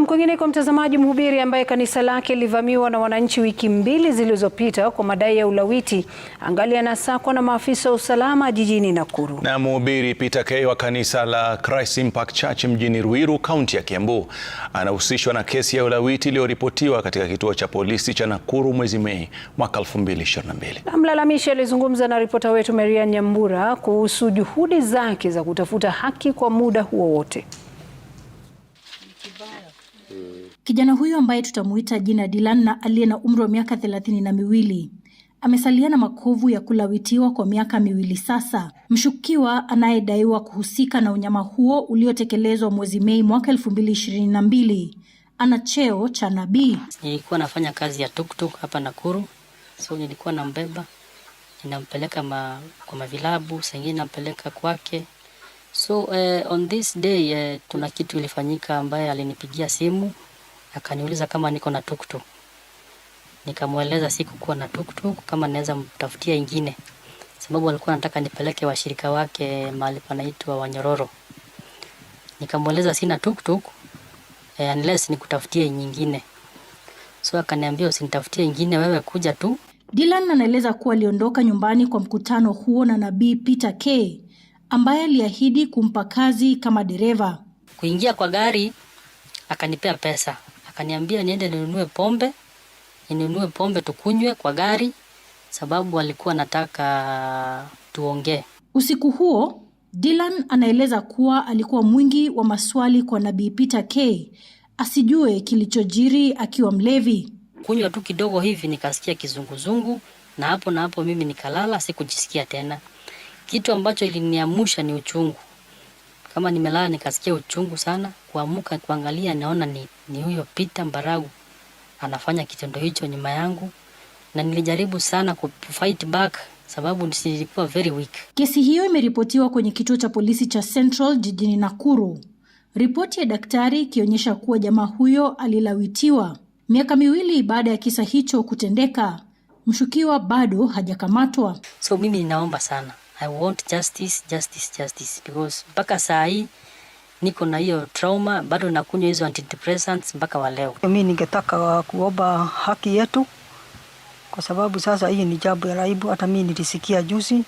Naam, kwa mtazamaji, mhubiri ambaye kanisa lake lilivamiwa na wananchi wiki mbili zilizopita kwa madai ya ulawiti angali anasakwa na maafisa wa usalama jijini Nakuru. Na mhubiri Peter Kay wa kanisa la Christ Impact Church mjini Ruiru, kaunti ya Kiambu anahusishwa na kesi ya ulawiti iliyoripotiwa katika kituo cha polisi cha Nakuru mwezi Mei mwaka 2022. Na mlalamishi alizungumza na ripota wetu Maria Nyambura kuhusu juhudi zake za kutafuta haki kwa muda huo wote. Kijana huyu ambaye tutamuita jina Dylan na aliye na umri wa miaka thelathini na miwili amesalia na makovu ya kulawitiwa kwa miaka miwili sasa. Mshukiwa anayedaiwa kuhusika na unyama huo uliotekelezwa mwezi Mei mwaka elfu mbili ishirini na mbili ana cheo cha nabii. Nilikuwa nafanya kazi ya tuktuk hapa Nakuru, so nilikuwa nambeba ninampeleka ma, kwa mavilabu, saa nampeleka kwake. So uh, on this day uh, eh, tuna kitu ilifanyika ambaye alinipigia simu akaniuliza kama niko na tuktuk. Nikamweleza sikukuwa na tuktuk, kama naweza mtafutia ingine, sababu alikuwa anataka nipeleke washirika wake mahali panaitwa Wanyororo. Nikamweleza sina tuktuk eh, unless nikutafutie nyingine. So akaniambia usinitafutie ingine, wewe kuja tu. Dylan anaeleza kuwa aliondoka nyumbani kwa mkutano huo na Nabii Peter K ambaye aliahidi kumpa kazi kama dereva. Kuingia kwa gari akanipea pesa akaniambia niende ninunue pombe, ninunue pombe tukunywe kwa gari, sababu alikuwa nataka tuongee. Usiku huo Dylan anaeleza kuwa alikuwa mwingi wa maswali kwa Nabii Peter K asijue kilichojiri akiwa mlevi. Kunywa tu kidogo hivi nikasikia kizunguzungu, na hapo na hapo mimi nikalala, sikujisikia tena. Kitu ambacho iliniamusha ni uchungu, kama nimelala nikasikia uchungu sana, kuamka kuangalia, naona ni, ni huyo Peter Mbaragu anafanya kitendo hicho nyuma yangu, na nilijaribu sana kufight back sababu nilikuwa very weak. Kesi hiyo imeripotiwa kwenye kituo cha polisi cha Central jijini Nakuru, ripoti ya daktari ikionyesha kuwa jamaa huyo alilawitiwa. Miaka miwili baada ya kisa hicho kutendeka, mshukiwa bado hajakamatwa. So mimi ninaomba sana, I want justice, justice, justice because mpaka saa hii niko na hiyo trauma bado nakunywa hizo antidepressants mpaka wa leo. Mimi ningetaka kuomba haki yetu, kwa sababu sasa hii ni jambo ya raibu. Hata mimi nilisikia juzi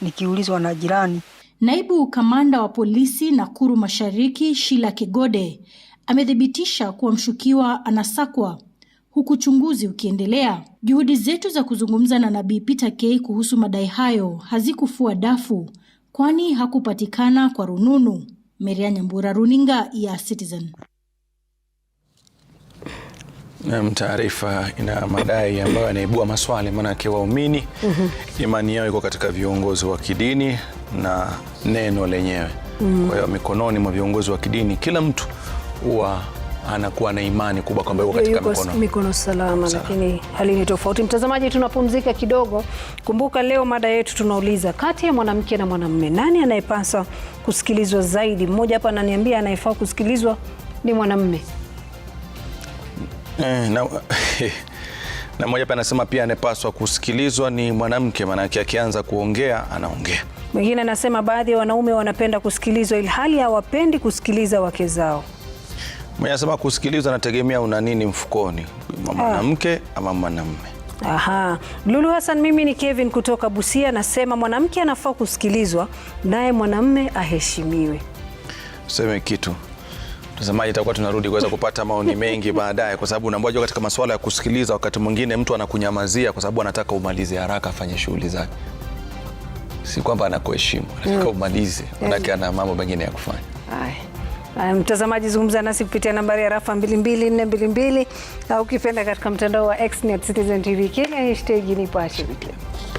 nikiulizwa na jirani. Naibu kamanda wa polisi Nakuru Mashariki Shila Kigode amethibitisha kuwa mshukiwa anasakwa huku uchunguzi ukiendelea. Juhudi zetu za kuzungumza na Nabii Peter K kuhusu madai hayo hazikufua dafu, kwani hakupatikana kwa rununu. Maria Nyambura, runinga ya Citizen. Nam, taarifa ina madai ambayo yanaibua maswali, maanake waumini mm -hmm. imani yao iko katika viongozi wa kidini na neno lenyewe mm -hmm. kwa hiyo mikononi mwa viongozi wa kidini kila mtu huwa anakuwa na imani kubwa kwamba yuko katika mikono, mikono salama, salama. Lakini hali ni tofauti. Mtazamaji, tunapumzika kidogo. Kumbuka leo mada yetu tunauliza, kati ya mwanamke na mwanamume nani anayepaswa kusikilizwa zaidi? Mmoja hapa ananiambia anayefaa kusikilizwa ni mwanamume eh, na, na mmoja hapa anasema pia anayepaswa kusikilizwa ni mwanamke, maanake akianza kuongea anaongea. Mwingine anasema baadhi ya wanaume wanapenda kusikilizwa ilhali hawapendi kusikiliza wake zao. Mwenye anasema kusikiliza nategemea una nini mfukoni, ah. mwanamke ama mwanamume. Aha. Lulu Hassan, mimi ni Kevin kutoka Busia, nasema mwanamke anafaa kusikilizwa naye mwanamume aheshimiwe. Tuseme kitu Mtazamaji, itakuwa tunarudi kuweza kupata maoni mengi baadaye, kwa sababu unamwajua, katika masuala ya kusikiliza, wakati mwingine mtu anakunyamazia kwa sababu anataka umalize haraka, afanye shughuli zake, si kwamba anakuheshimu, anataka mm. umalize, manake ana mambo mengine ya kufanya. Mtazamaji, zungumza nasi kupitia nambari ya rafa 22422 au ukipenda katika mtandao wa X Citizen TV Kenya, hashtag Nipashe ashiriki